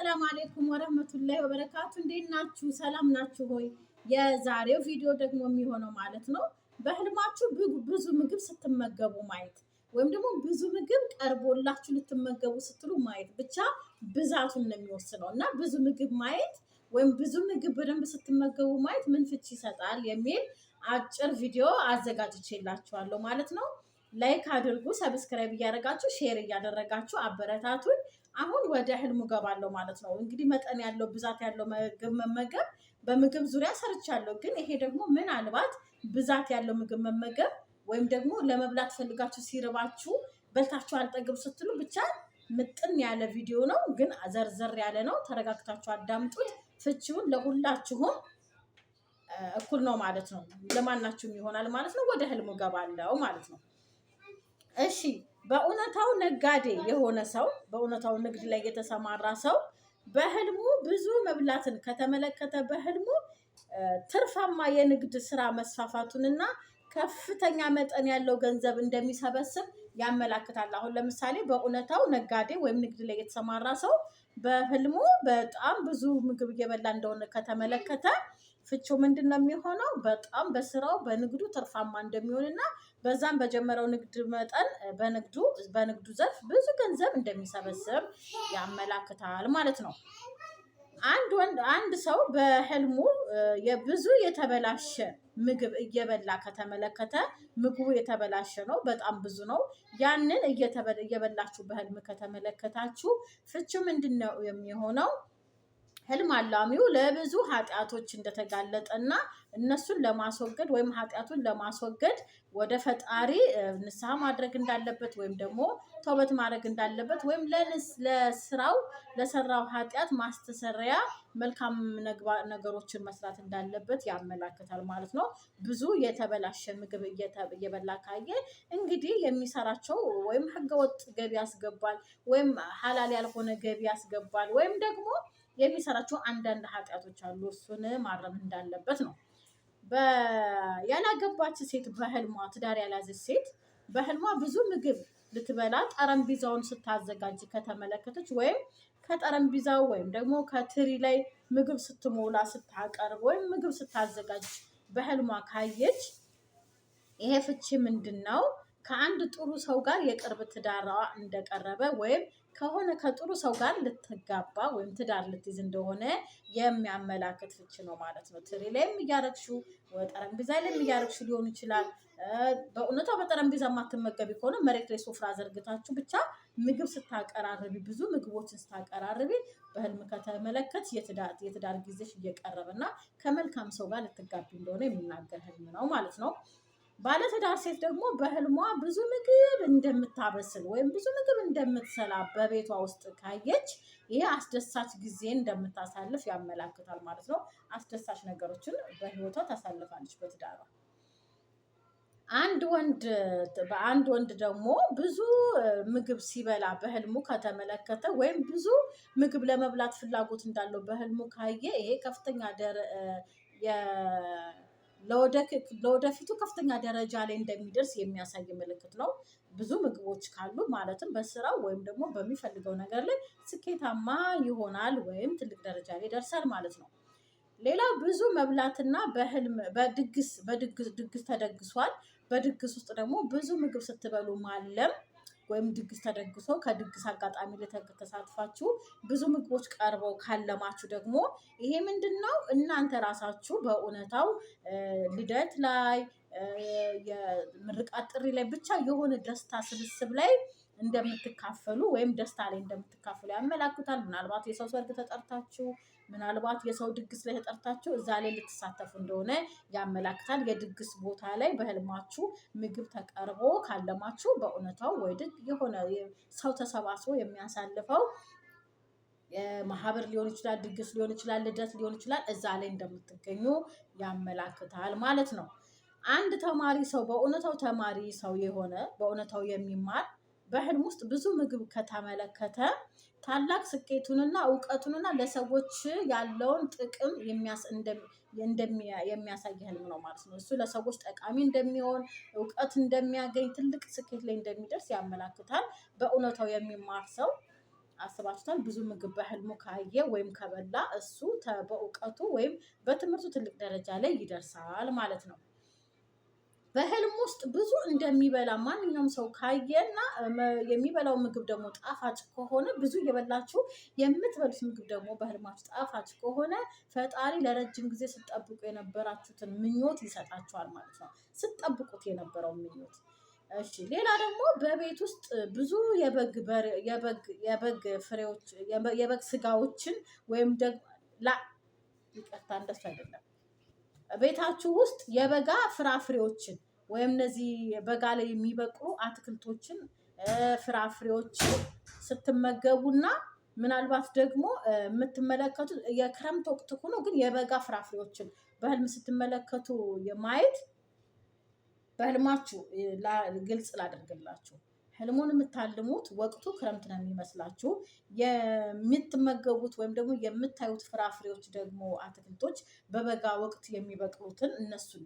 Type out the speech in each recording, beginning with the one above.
አሰላሙ አሌይኩም ወረህመቱላሂ ወበረካቱ። እንዴት ናችሁ? ሰላም ናችሁ ሆይ? የዛሬው ቪዲዮ ደግሞ የሚሆነው ማለት ነው በህልማችሁ ብዙ ምግብ ስትመገቡ ማየት ወይም ደግሞ ብዙ ምግብ ቀርቦላችሁ ልትመገቡ ስትሉ ማየት ብቻ ብዛቱን ነው የሚወስነው እና ብዙ ምግብ ማየት ወይም ብዙ ምግብ በደንብ ስትመገቡ ማየት ምን ፍቺ ይሰጣል የሚል አጭር ቪዲዮ አዘጋጅቼላችኋለሁ ማለት ነው። ላይክ አድርጉ፣ ሰብስክራይብ እያደረጋችሁ ሼር እያደረጋችሁ አበረታቱን። አሁን ወደ ህልሙ ገባለው ማለት ነው። እንግዲህ መጠን ያለው ብዛት ያለው ምግብ መመገብ በምግብ ዙሪያ ሰርቻለሁ። ግን ይሄ ደግሞ ምናልባት ብዛት ያለው ምግብ መመገብ ወይም ደግሞ ለመብላት ፈልጋችሁ ሲርባችሁ በልታችሁ አልጠግብ ስትሉ ብቻ ምጥን ያለ ቪዲዮ ነው፣ ግን ዘርዘር ያለ ነው። ተረጋግታችሁ አዳምጡት። ፍቺውን ለሁላችሁም እኩል ነው ማለት ነው። ለማናችሁም ይሆናል ማለት ነው። ወደ ህልሙ ገባለው ማለት ነው። እሺ በእውነታው ነጋዴ የሆነ ሰው በእውነታው ንግድ ላይ የተሰማራ ሰው በህልሙ ብዙ መብላትን ከተመለከተ በህልሙ ትርፋማ የንግድ ስራ መስፋፋቱንና ከፍተኛ መጠን ያለው ገንዘብ እንደሚሰበስብ ያመላክታል። አሁን ለምሳሌ በእውነታው ነጋዴ ወይም ንግድ ላይ የተሰማራ ሰው በህልሙ በጣም ብዙ ምግብ እየበላ እንደሆነ ከተመለከተ ፍቾ ምንድን ነው የሚሆነው? በጣም በስራው በንግዱ ትርፋማ እንደሚሆንና በዛም በጀመረው ንግድ መጠን በንግዱ በንግዱ ዘርፍ ብዙ ገንዘብ እንደሚሰበስብ ያመላክታል ማለት ነው። አንድ ወንድ አንድ ሰው በህልሙ የብዙ የተበላሸ ምግብ እየበላ ከተመለከተ ምግቡ የተበላሸ ነው፣ በጣም ብዙ ነው። ያንን እየበላችሁ በህልም ከተመለከታችሁ ፍቺው ምንድን ነው የሚሆነው? ህልም አላሚው ለብዙ ኃጢአቶች እንደተጋለጠና እነሱን ለማስወገድ ወይም ኃጢአቱን ለማስወገድ ወደ ፈጣሪ ንስሐ ማድረግ እንዳለበት ወይም ደግሞ ተውበት ማድረግ እንዳለበት ወይም ለስራው ለሰራው ኃጢአት ማስተሰሪያ መልካም ነገሮችን መስራት እንዳለበት ያመላክታል ማለት ነው። ብዙ የተበላሸ ምግብ እየበላ ካየ እንግዲህ የሚሰራቸው ወይም ህገወጥ ገቢ ያስገባል ወይም ሀላል ያልሆነ ገቢ ያስገባል ወይም ደግሞ የሚሰራቸው አንዳንድ ኃጢአቶች አሉ። እሱን ማረም እንዳለበት ነው። ያላገባች ሴት በህልሟ ትዳር ያልያዘች ሴት በህልሟ ብዙ ምግብ ልትበላ ጠረጴዛውን ስታዘጋጅ ከተመለከተች ወይም ከጠረጴዛው ወይም ደግሞ ከትሪ ላይ ምግብ ስትሞላ ስታቀርብ ወይም ምግብ ስታዘጋጅ በህልሟ ካየች ይሄ ፍቺ ምንድን ነው? ከአንድ ጥሩ ሰው ጋር የቅርብ ትዳራዋ እንደቀረበ ወይም ከሆነ ከጥሩ ሰው ጋር ልትጋባ ወይም ትዳር ልትይዝ እንደሆነ የሚያመላክት ፍቺ ነው ማለት ነው። ትሪ ላይም እያረግሽው፣ ጠረጴዛ ላይም እያረግሽው ሊሆን ይችላል። በእውነቷ በጠረጴዛ የማትመገቢ ከሆነ መሬት ላይ ሶፍራ ዘርግታችሁ ብቻ ምግብ ስታቀራርቢ፣ ብዙ ምግቦችን ስታቀራርቢ በህልም ከተመለከት የትዳር ጊዜሽ እየቀረበ እና ከመልካም ሰው ጋር ልትጋቢ እንደሆነ የሚናገር ህልም ነው ማለት ነው። ባለትዳር ሴት ደግሞ በህልሟ ብዙ ምግብ እንደምታበስል ወይም ብዙ ምግብ እንደምትሰላ በቤቷ ውስጥ ካየች ይሄ አስደሳች ጊዜ እንደምታሳልፍ ያመላክታል ማለት ነው። አስደሳች ነገሮችን በህይወቷ ታሳልፋለች በትዳሯ። አንድ ወንድ በአንድ ወንድ ደግሞ ብዙ ምግብ ሲበላ በህልሙ ከተመለከተ ወይም ብዙ ምግብ ለመብላት ፍላጎት እንዳለው በህልሙ ካየ ይሄ ከፍተኛ ለወደፊቱ ከፍተኛ ደረጃ ላይ እንደሚደርስ የሚያሳይ ምልክት ነው። ብዙ ምግቦች ካሉ ማለትም በስራው ወይም ደግሞ በሚፈልገው ነገር ላይ ስኬታማ ይሆናል ወይም ትልቅ ደረጃ ላይ ይደርሳል ማለት ነው። ሌላ ብዙ መብላትና በህልም በድግስ በድግስ ድግስ ተደግሷል። በድግስ ውስጥ ደግሞ ብዙ ምግብ ስትበሉ ማለም ወይም ድግስ ተደግሶ ከድግስ አጋጣሚ ተሳትፋችሁ ብዙ ምግቦች ቀርበው ካለማችሁ ደግሞ ይሄ ምንድን ነው እናንተ ራሳችሁ በእውነታው ልደት ላይ የምርቃት ጥሪ ላይ ብቻ የሆነ ደስታ ስብስብ ላይ እንደምትካፈሉ ወይም ደስታ ላይ እንደምትካፈሉ ያመላክታል። ምናልባት የሰው ሰርግ ተጠርታችሁ ምናልባት የሰው ድግስ ላይ ተጠርታችሁ እዛ ላይ ልትሳተፉ እንደሆነ ያመላክታል። የድግስ ቦታ ላይ በህልማችሁ ምግብ ተቀርቦ ካለማችሁ በእውነታው ወይ የሆነ ሰው ተሰባስቦ የሚያሳልፈው ማህበር ሊሆን ይችላል፣ ድግስ ሊሆን ይችላል፣ ልደት ሊሆን ይችላል። እዛ ላይ እንደምትገኙ ያመላክታል ማለት ነው። አንድ ተማሪ ሰው በእውነታው ተማሪ ሰው የሆነ በእውነታው የሚማር በህልም ውስጥ ብዙ ምግብ ከተመለከተ ታላቅ ስኬቱንና እውቀቱንና ለሰዎች ያለውን ጥቅም የሚያሳይ ህልም ነው ማለት ነው። እሱ ለሰዎች ጠቃሚ እንደሚሆን እውቀት እንደሚያገኝ ትልቅ ስኬት ላይ እንደሚደርስ ያመላክታል። በእውነታው የሚማር ሰው አስባችሁታል። ብዙ ምግብ በህልሙ ካየ ወይም ከበላ እሱ በእውቀቱ ወይም በትምህርቱ ትልቅ ደረጃ ላይ ይደርሳል ማለት ነው። በህልም ውስጥ ብዙ እንደሚበላ ማንኛውም ሰው ካየና የሚበላው ምግብ ደግሞ ጣፋጭ ከሆነ ብዙ እየበላችሁ የምትበሉት ምግብ ደግሞ በህልማችሁ ጣፋጭ ከሆነ ፈጣሪ ለረጅም ጊዜ ስጠብቁ የነበራችሁትን ምኞት ይሰጣችኋል ማለት ነው። ስጠብቁት የነበረው ምኞት። እሺ፣ ሌላ ደግሞ በቤት ውስጥ ብዙ የበግ የበግ ፍሬዎች የበግ ስጋዎችን ወይም ደግሞ ላ ይቅርታ፣ እንደሱ አይደለም ቤታችሁ ውስጥ የበጋ ፍራፍሬዎችን ወይም እነዚህ በጋ ላይ የሚበቅሉ አትክልቶችን ፍራፍሬዎችን ስትመገቡና ምናልባት ደግሞ የምትመለከቱ የክረምት ወቅት ሆኖ ግን የበጋ ፍራፍሬዎችን በህልም ስትመለከቱ የማየት በህልማችሁ ግልጽ ላደርግላችሁ ህልሙን የምታልሙት ወቅቱ ክረምት ነው የሚመስላችሁ። የምትመገቡት ወይም ደግሞ የምታዩት ፍራፍሬዎች ደግሞ አትክልቶች በበጋ ወቅት የሚበቅሉትን እነሱን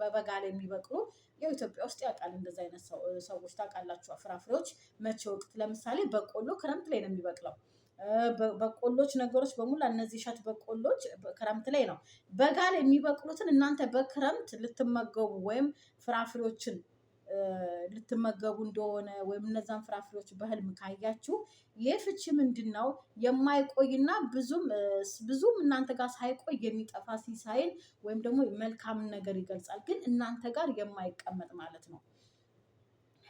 በበጋ ላይ የሚበቅሉ ያው ኢትዮጵያ ውስጥ ያውቃል እንደዚ አይነት ሰዎች ታውቃላችሁ። ፍራፍሬዎች መቼ ወቅት ለምሳሌ በቆሎ ክረምት ላይ ነው የሚበቅለው። በቆሎች ነገሮች በሙላ እነዚህ እሸት በቆሎች ክረምት ላይ ነው። በጋ ላይ የሚበቅሉትን እናንተ በክረምት ልትመገቡ ወይም ፍራፍሬዎችን ልትመገቡ እንደሆነ ወይም እነዛን ፍራፍሬዎች በህልም ካያችሁ ይህ ፍቺ ምንድን ነው? የማይቆይና ብዙም ብዙም እናንተ ጋር ሳይቆይ የሚጠፋ ሲሳይን ወይም ደግሞ መልካምን ነገር ይገልጻል፣ ግን እናንተ ጋር የማይቀመጥ ማለት ነው።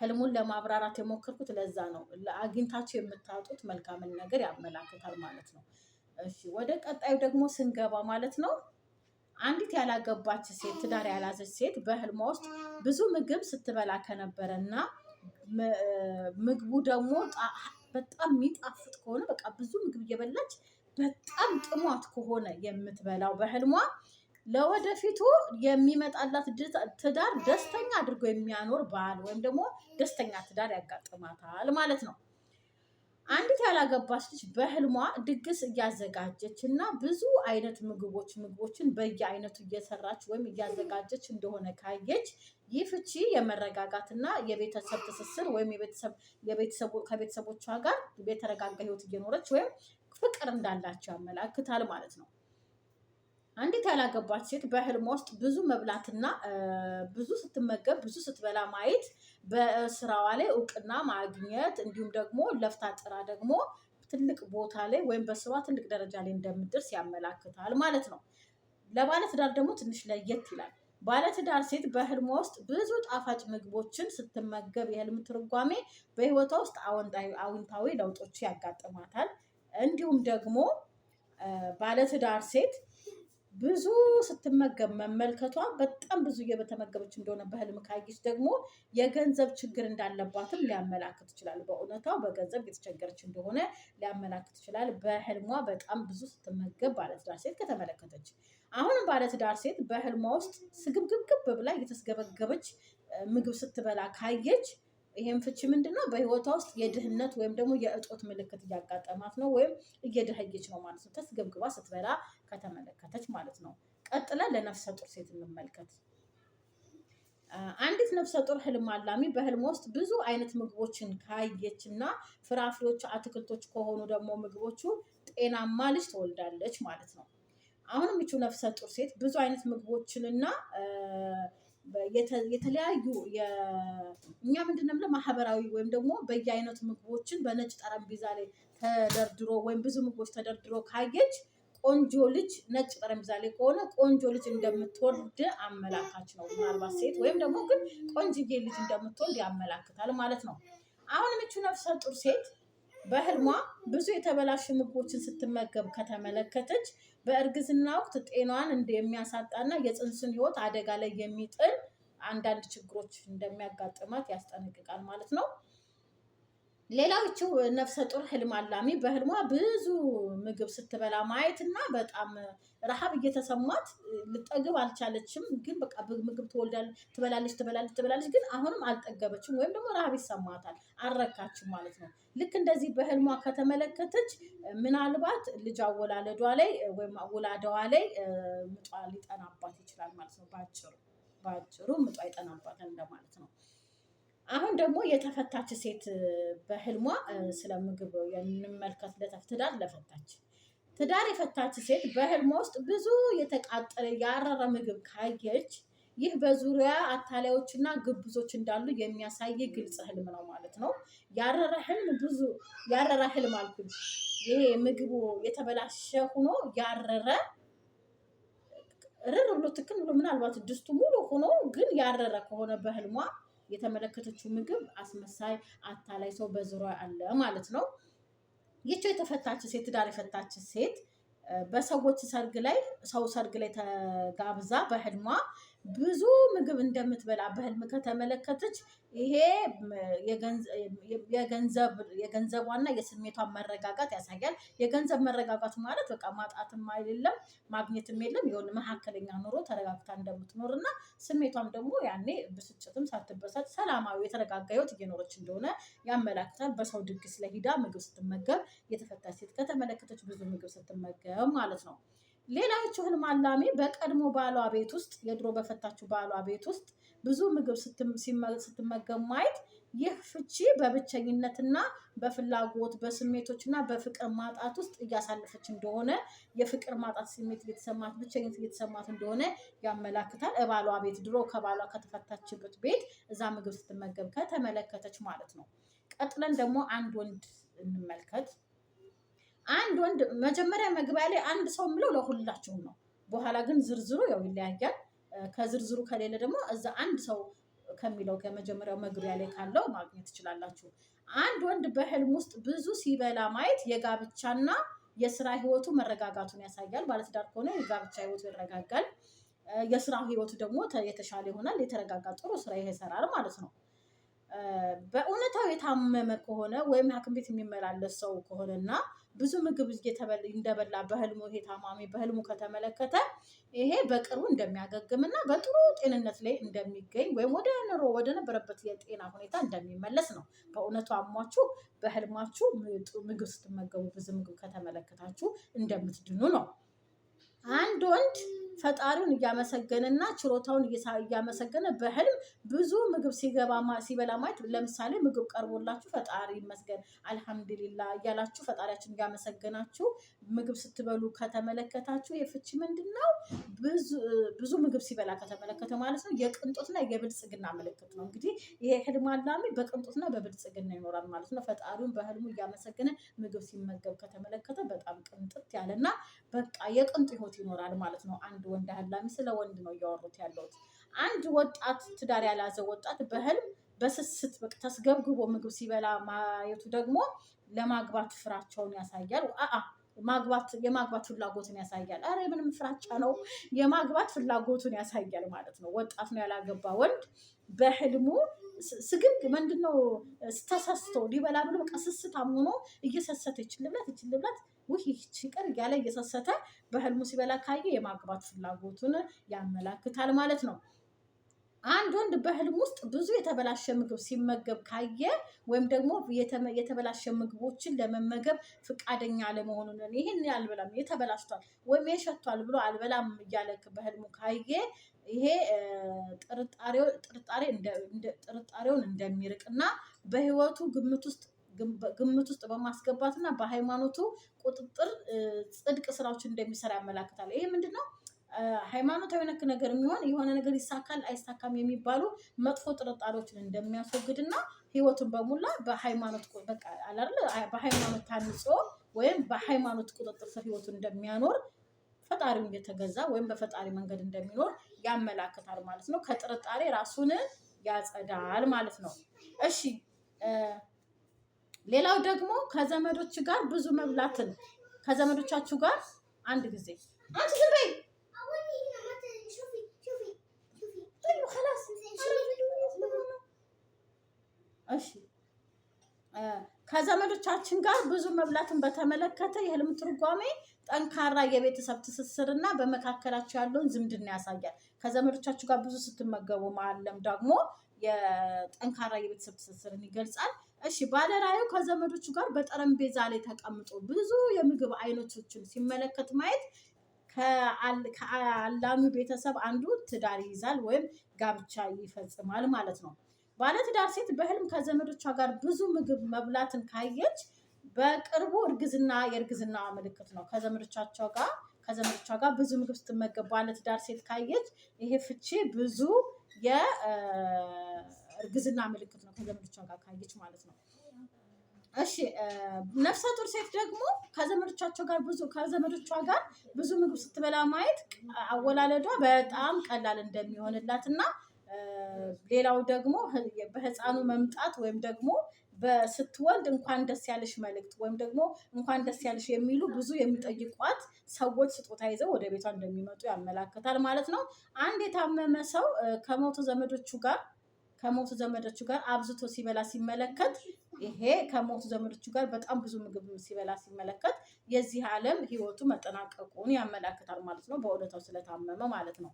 ህልሙን ለማብራራት የሞከርኩት ለዛ ነው። ለአግኝታችሁ የምታጡት መልካምን ነገር ያመላክታል ማለት ነው። እሺ ወደ ቀጣዩ ደግሞ ስንገባ ማለት ነው አንዲት ያላገባች ሴት ትዳር ያላዘች ሴት በህልሟ ውስጥ ብዙ ምግብ ስትበላ ከነበረ እና ምግቡ ደግሞ በጣም የሚጣፍጥ ከሆነ በቃ ብዙ ምግብ እየበላች በጣም ጥሟት ከሆነ የምትበላው በህልሟ ለወደፊቱ የሚመጣላት ትዳር ደስተኛ አድርጎ የሚያኖር ባል ወይም ደግሞ ደስተኛ ትዳር ያጋጥማታል ማለት ነው። አንዲት ያላገባች ልጅ በህልሟ ድግስ እያዘጋጀች እና ብዙ አይነት ምግቦች ምግቦችን በየአይነቱ እየሰራች ወይም እያዘጋጀች እንደሆነ ካየች ይህ ፍቺ የመረጋጋትና የቤተሰብ ትስስር ወይም ከቤተሰቦቿ ጋር የተረጋጋ ህይወት እየኖረች ወይም ፍቅር እንዳላቸው ያመላክታል ማለት ነው። አንዲት ያላገባች ሴት በህልም ውስጥ ብዙ መብላትና ብዙ ስትመገብ ብዙ ስትበላ ማየት በስራዋ ላይ እውቅና ማግኘት እንዲሁም ደግሞ ለፍታ ጥራ ደግሞ ትልቅ ቦታ ላይ ወይም በስሯ ትልቅ ደረጃ ላይ እንደምትደርስ ያመላክታል ማለት ነው። ለባለትዳር ደግሞ ትንሽ ለየት ይላል። ባለትዳር ሴት በህልም ውስጥ ብዙ ጣፋጭ ምግቦችን ስትመገብ የህልም ትርጓሜ በህይወቷ ውስጥ አዎንታዊ ለውጦች ያጋጥማታል። እንዲሁም ደግሞ ባለትዳር ሴት ብዙ ስትመገብ መመልከቷ በጣም ብዙ እየበተመገበች እንደሆነ በህልም ካየች ደግሞ የገንዘብ ችግር እንዳለባትም ሊያመላክት ይችላል። በእውነቷ በገንዘብ እየተቸገረች እንደሆነ ሊያመላክት ይችላል። በህልሟ በጣም ብዙ ስትመገብ ባለትዳር ሴት ከተመለከተች፣ አሁንም ባለትዳር ሴት በህልሟ ውስጥ ስግብግብግብ ብላ እየተስገበገበች ምግብ ስትበላ ካየች ይሄም ፍቺ ምንድነው በህይወቷ ውስጥ የድህነት ወይም ደግሞ የእጦት ምልክት እያጋጠማት ነው ወይም እየደህየች ነው ማለት ነው። ተስገብግባ ስትበላ ከተመለከተች ማለት ነው። ቀጥላ ለነፍሰ ጡር ሴት እንመልከት። አንዲት ነፍሰ ጡር ህልም አላሚ በህልም ውስጥ ብዙ አይነት ምግቦችን ካየች እና ፍራፍሬዎች፣ አትክልቶች ከሆኑ ደግሞ ምግቦቹ ጤናማ ልጅ ትወልዳለች ማለት ነው። አሁን የምችው ነፍሰ ጡር ሴት ብዙ አይነት ምግቦችንና የተለያዩ እኛ ምንድን ነው ማህበራዊ ወይም ደግሞ በየአይነቱ ምግቦችን በነጭ ጠረጴዛ ላይ ተደርድሮ ወይም ብዙ ምግቦች ተደርድሮ ካየች ቆንጆ ልጅ ነጭ ጠረጴዛ ላይ ከሆነ ቆንጆ ልጅ እንደምትወልድ አመላካች ነው። ምናልባት ሴት ወይም ደግሞ ግን ቆንጅዬ ልጅ እንደምትወልድ ያመላክታል ማለት ነው። አሁን ምቹ ነፍሰ ጡር ሴት በህልሟ ብዙ የተበላሹ ምግቦችን ስትመገብ ከተመለከተች በእርግዝና ወቅት ጤናዋን እንደሚያሳጣና የፅንስን ህይወት አደጋ ላይ የሚጥል አንዳንድ ችግሮች እንደሚያጋጥማት ያስጠነቅቃል ማለት ነው። ሌላዎቹ ነፍሰ ጡር ህልም አላሚ በህልሟ ብዙ ምግብ ስትበላ ማየት እና በጣም ረሃብ እየተሰማት ልጠግብ አልቻለችም። ግን በቃ ምግብ ትወልዳለች፣ ትበላለች፣ ትበላለች፣ ትበላለች ግን አሁንም አልጠገበችም ወይም ደግሞ ረሃብ ይሰማታል። አረካችም ማለት ነው። ልክ እንደዚህ በህልሟ ከተመለከተች ምናልባት ልጅ አወላለዷ ላይ ወይም አወላደዋ ላይ ምጧ ሊጠናባት ይችላል ማለት ነው። ባጭሩ ባጭሩ ምጧ ይጠናባታል እንደማለት ነው። አሁን ደግሞ የተፈታች ሴት በህልሟ ስለ ምግብ የምንመልከት ትዳር ለፈታች ትዳር የፈታች ሴት በህልሟ ውስጥ ብዙ የተቃጠለ ያረረ ምግብ ካየች ይህ በዙሪያ አታላዮችና ግብዞች እንዳሉ የሚያሳይ ግልጽ ህልም ነው ማለት ነው። ያረረ ህልም ብዙ ያረረ ህልም አልኩ። ይሄ ምግቡ የተበላሸ ሆኖ ያረረ ርር ብሎ ትክን ብሎ ምናልባት ድስቱ ሙሉ ሆኖ ግን ያረረ ከሆነ በህልሟ የተመለከተችው ምግብ አስመሳይ አታላይ ሰው በዙሪያ አለ ማለት ነው። ይቸው የተፈታች ሴት ትዳር የፈታች ሴት በሰዎች ሰርግ ላይ ሰው ሰርግ ላይ ተጋብዛ በህልሟ ብዙ ምግብ እንደምትበላ በህልም ከተመለከተች ይሄ የገንዘብ የገንዘቧና የስሜቷን መረጋጋት ያሳያል። የገንዘብ መረጋጋት ማለት በቃ ማጣትም አይደለም ማግኘትም የለም የሆነ መካከለኛ ኑሮ ተረጋግታ እንደምትኖር እና ስሜቷም ደግሞ ያኔ ብስጭትም ሳትበሳጭ ሰላማዊ የተረጋጋ ህይወት እየኖረች እንደሆነ ያመላክታል። በሰው ድግስ ለሂዳ ምግብ ስትመገብ የተፈታች ሴት ከተመለከተች ብዙ ምግብ ስትመገብ ማለት ነው ሌላችሁን ማላሜ በቀድሞ ባሏ ቤት ውስጥ የድሮ በፈታችሁ ባሏ ቤት ውስጥ ብዙ ምግብ ስትመገብ ማየት ይህ ፍቺ በብቸኝነትና በፍላጎት በስሜቶችና በፍቅር ማጣት ውስጥ እያሳለፈች እንደሆነ የፍቅር ማጣት ስሜት እየተሰማት ብቸኝነት እየተሰማት እንደሆነ ያመላክታል። እባሏ ቤት ድሮ ከባሏ ከተፈታችበት ቤት እዛ ምግብ ስትመገብ ከተመለከተች ማለት ነው። ቀጥለን ደግሞ አንድ ወንድ እንመልከት። አንድ ወንድ መጀመሪያ መግቢያ ላይ አንድ ሰው የምለው ለሁላችሁም ነው። በኋላ ግን ዝርዝሩ ያው ይለያያል። ከዝርዝሩ ከሌለ ደግሞ እዛ አንድ ሰው ከሚለው ከመጀመሪያው መግቢያ ላይ ካለው ማግኘት ትችላላችሁ። አንድ ወንድ በህልም ውስጥ ብዙ ሲበላ ማየት የጋብቻና የስራ ህይወቱ መረጋጋቱን ያሳያል። ባለትዳር ከሆነ የጋብቻ ህይወቱ ይረጋጋል፣ የስራ ህይወቱ ደግሞ የተሻለ ይሆናል። የተረጋጋ ጥሩ ስራ ይሰራል ማለት ነው። በእውነታው የታመመ ከሆነ ወይም ሐኪም ቤት የሚመላለስ ሰው ከሆነ እና ብዙ ምግብ እንደበላ በህልሙ ይሄ ታማሚ በህልሙ ከተመለከተ ይሄ በቅርቡ እንደሚያገግም እና በጥሩ ጤንነት ላይ እንደሚገኝ ወይም ወደ ኑሮ ወደ ነበረበት የጤና ሁኔታ እንደሚመለስ ነው። በእውነቱ አሟችሁ በህልማችሁ ምግብ ስትመገቡ ብዙ ምግብ ከተመለከታችሁ እንደምትድኑ ነው። አንድ ወንድ ፈጣሪውን እያመሰገነና ችሮታውን እያመሰገነ በህልም ብዙ ምግብ ሲገባ ሲበላ ማየት፣ ለምሳሌ ምግብ ቀርቦላችሁ ፈጣሪ ይመስገን አልሐምዱሊላ እያላችሁ ፈጣሪያችን እያመሰገናችሁ ምግብ ስትበሉ ከተመለከታችሁ የፍቺ ምንድን ነው? ብዙ ምግብ ሲበላ ከተመለከተ ማለት ነው። የቅንጦትና የብልጽግና ምልክት ነው። እንግዲህ ይሄ ህልም አላሚ በቅንጦትና በብልጽግና ይኖራል ማለት ነው። ፈጣሪውን በህልሙ እያመሰገነ ምግብ ሲመገብ ከተመለከተ በጣም ቅንጥት ያለና በቃ የቅንጡ ህይወት ይኖራል ማለት ነው። አንድ ወንድ አህላሚ ስለ ወንድ ነው እያወሩት ያለሁት። አንድ ወጣት ትዳር ያላዘ ወጣት በህልም በስስት በቃ ተስገብግቦ ምግብ ሲበላ ማየቱ ደግሞ ለማግባት ፍራቸውን ያሳያል። አአ ማግባት የማግባት ፍላጎትን ያሳያል። አረ ምንም ፍራቻ ነው የማግባት ፍላጎቱን ያሳያል ማለት ነው። ወጣት ነው ያላገባ ወንድ በህልሙ ስግብ ምንድነው ተሰስቶ ሊበላ ብሎ በቃ ስስታም ሆኖ እየሰሰተ ልብላት ይችል ውህ ይህቺ ቀን እያለ እየሰሰተ በህልሙ ሲበላ ካየ የማግባት ፍላጎቱን ያመላክታል ማለት ነው። አንድ ወንድ በህልም ውስጥ ብዙ የተበላሸ ምግብ ሲመገብ ካየ ወይም ደግሞ የተበላሸ ምግቦችን ለመመገብ ፍቃደኛ አለመሆኑን ይህን አልበላም የተበላሽቷል ወይም የሸቷል ብሎ አልበላም እያለ በህልሙ ካየ ይሄ ጥርጣሬውን እንደሚርቅ እና በህይወቱ ግምት ውስጥ ግምት ውስጥ በማስገባት በማስገባትና በሃይማኖቱ ቁጥጥር ጽድቅ ስራዎችን እንደሚሰራ ያመላክታል። ይሄ ምንድን ነው? ሃይማኖታዊ ነክ ነገር የሚሆን የሆነ ነገር ይሳካል አይሳካም የሚባሉ መጥፎ ጥርጣሬዎችን እንደሚያስወግድና ህይወቱን በሙላ በሃይማኖት በሃይማኖት ታንጾ ወይም በሃይማኖት ቁጥጥር ስር ህይወቱን እንደሚያኖር ፈጣሪውን እየተገዛ ወይም በፈጣሪ መንገድ እንደሚኖር ያመላክታል ማለት ነው። ከጥርጣሬ ራሱን ያጸዳል ማለት ነው። እሺ ሌላው ደግሞ ከዘመዶች ጋር ብዙ መብላትን ከዘመዶቻችሁ ጋር አንድ ጊዜ አንቺ ከዘመዶቻችን ጋር ብዙ መብላትን በተመለከተ የህልም ትርጓሜ ጠንካራ የቤተሰብ እና በመካከላቸው ያለውን ዝምድና ያሳያል። ከዘመዶቻችሁ ጋር ብዙ ስትመገቡ ማለም ደግሞ የጠንካራ የቤተሰብ ትስስርን ይገልጻል። እሺ ባለራዩ ከዘመዶቹ ጋር በጠረጴዛ ላይ ተቀምጦ ብዙ የምግብ አይነቶችን ሲመለከት ማየት ከአላሚው ቤተሰብ አንዱ ትዳር ይይዛል ወይም ጋብቻ ይፈጽማል ማለት ነው። ባለትዳር ሴት በህልም ከዘመዶቿ ጋር ብዙ ምግብ መብላትን ካየች በቅርቡ እርግዝና የእርግዝና ምልክት ነው። ከዘመዶቻቸው ጋር ከዘመዶቿ ጋር ብዙ ምግብ ስትመገብ ባለትዳር ሴት ካየች ይሄ ፍቺ ብዙ የእርግዝና ምልክት ነው ከዘመዶቿ ጋር ካየች ማለት ነው። እሺ ነፍሰ ጡር ሴት ደግሞ ከዘመዶቻቸው ጋር ብዙ ከዘመዶቿ ጋር ብዙ ምግብ ስትበላ ማየት አወላለዷ በጣም ቀላል እንደሚሆንላት እና ሌላው ደግሞ በህፃኑ መምጣት ወይም ደግሞ ስትወልድ እንኳን ደስ ያለሽ መልእክት ወይም ደግሞ እንኳን ደስ ያለሽ የሚሉ ብዙ የሚጠይቋት ሰዎች ስጦታ ይዘው ወደ ቤቷ እንደሚመጡ ያመላክታል ማለት ነው። አንድ የታመመ ሰው ከሞቱ ዘመዶቹ ጋር ከሞቱ ዘመዶቹ ጋር አብዝቶ ሲበላ ሲመለከት ይሄ ከሞቱ ዘመዶቹ ጋር በጣም ብዙ ምግብ ሲበላ ሲመለከት የዚህ ዓለም ሕይወቱ መጠናቀቁን ያመላክታል ማለት ነው። በእውነታው ስለታመመ ማለት ነው።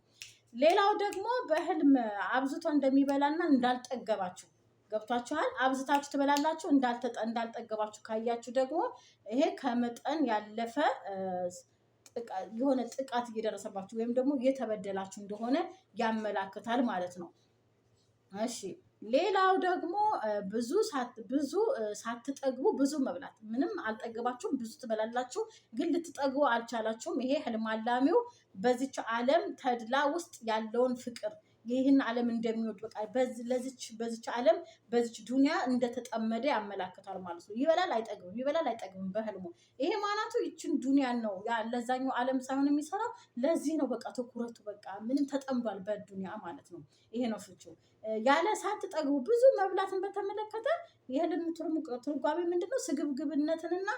ሌላው ደግሞ በህልም አብዝቶ እንደሚበላና እንዳልጠገባቸው ገብቷችኋል። አብዝታችሁ ትበላላችሁ። እንዳልጠገባችሁ ካያችሁ ደግሞ ይሄ ከመጠን ያለፈ የሆነ ጥቃት እየደረሰባችሁ ወይም ደግሞ እየተበደላችሁ እንደሆነ ያመላክታል ማለት ነው። እሺ ሌላው ደግሞ ብዙ ብዙ ሳትጠግቡ ብዙ መብላት፣ ምንም አልጠገባችሁም፣ ብዙ ትበላላችሁ፣ ግን ልትጠግቡ አልቻላችሁም። ይሄ ህልም አላሚው በዚች ዓለም ተድላ ውስጥ ያለውን ፍቅር ይህን ዓለም እንደሚወድ በቃ ለዚች በዚች ዓለም በዚች ዱኒያ እንደተጠመደ ያመላክታል ማለት ነው። ይበላል አይጠግብም፣ ይበላል አይጠግብም በህልሙ። ይሄ ማናቱ ይችን ዱንያ ነው ለዛኛው ዓለም ሳይሆን የሚሰራው ለዚህ ነው። በቃ ትኩረቱ በቃ ምንም ተጠምዷል በዱኒያ ማለት ነው። ይሄ ነው ፍቺው። ያለ ሳትጠግቡ ብዙ መብላትን በተመለከተ የህልም ትርጓሜ ምንድነው? ስግብግብነትንና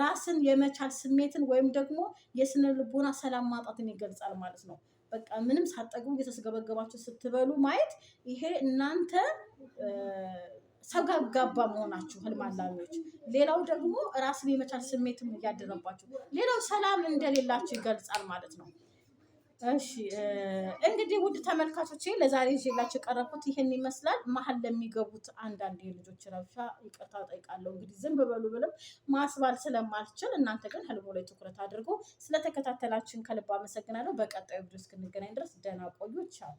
ራስን የመቻል ስሜትን ወይም ደግሞ የስነ ልቦና ሰላም ማጣትን ይገልጻል ማለት ነው። በቃ ምንም ሳጠግቡ እየተስገበገባችሁ ስትበሉ ማየት ይሄ እናንተ ሰጋጋባ መሆናችሁ ህልም አላሚዎች። ሌላው ደግሞ ራስን የመቻል ስሜትም እያደረባችሁ፣ ሌላው ሰላም እንደሌላችሁ ይገልጻል ማለት ነው። እሺ እንግዲህ ውድ ተመልካቾች ለዛሬ ይዤላችሁ የቀረብኩት ይህን ይመስላል። መሀል ለሚገቡት አንዳንድ የልጆች ረብሻ ይቅርታ ጠይቃለሁ። እንግዲህ ዝም ብበሉ ብልም ማስባል ስለማልችል እናንተ ግን ህልሞ ላይ ትኩረት አድርጎ ስለተከታተላችን ከልብ አመሰግናለሁ። በቀጣዩ ቪዲዮ እስክንገናኝ ድረስ ደህና ቆዩ። ቻው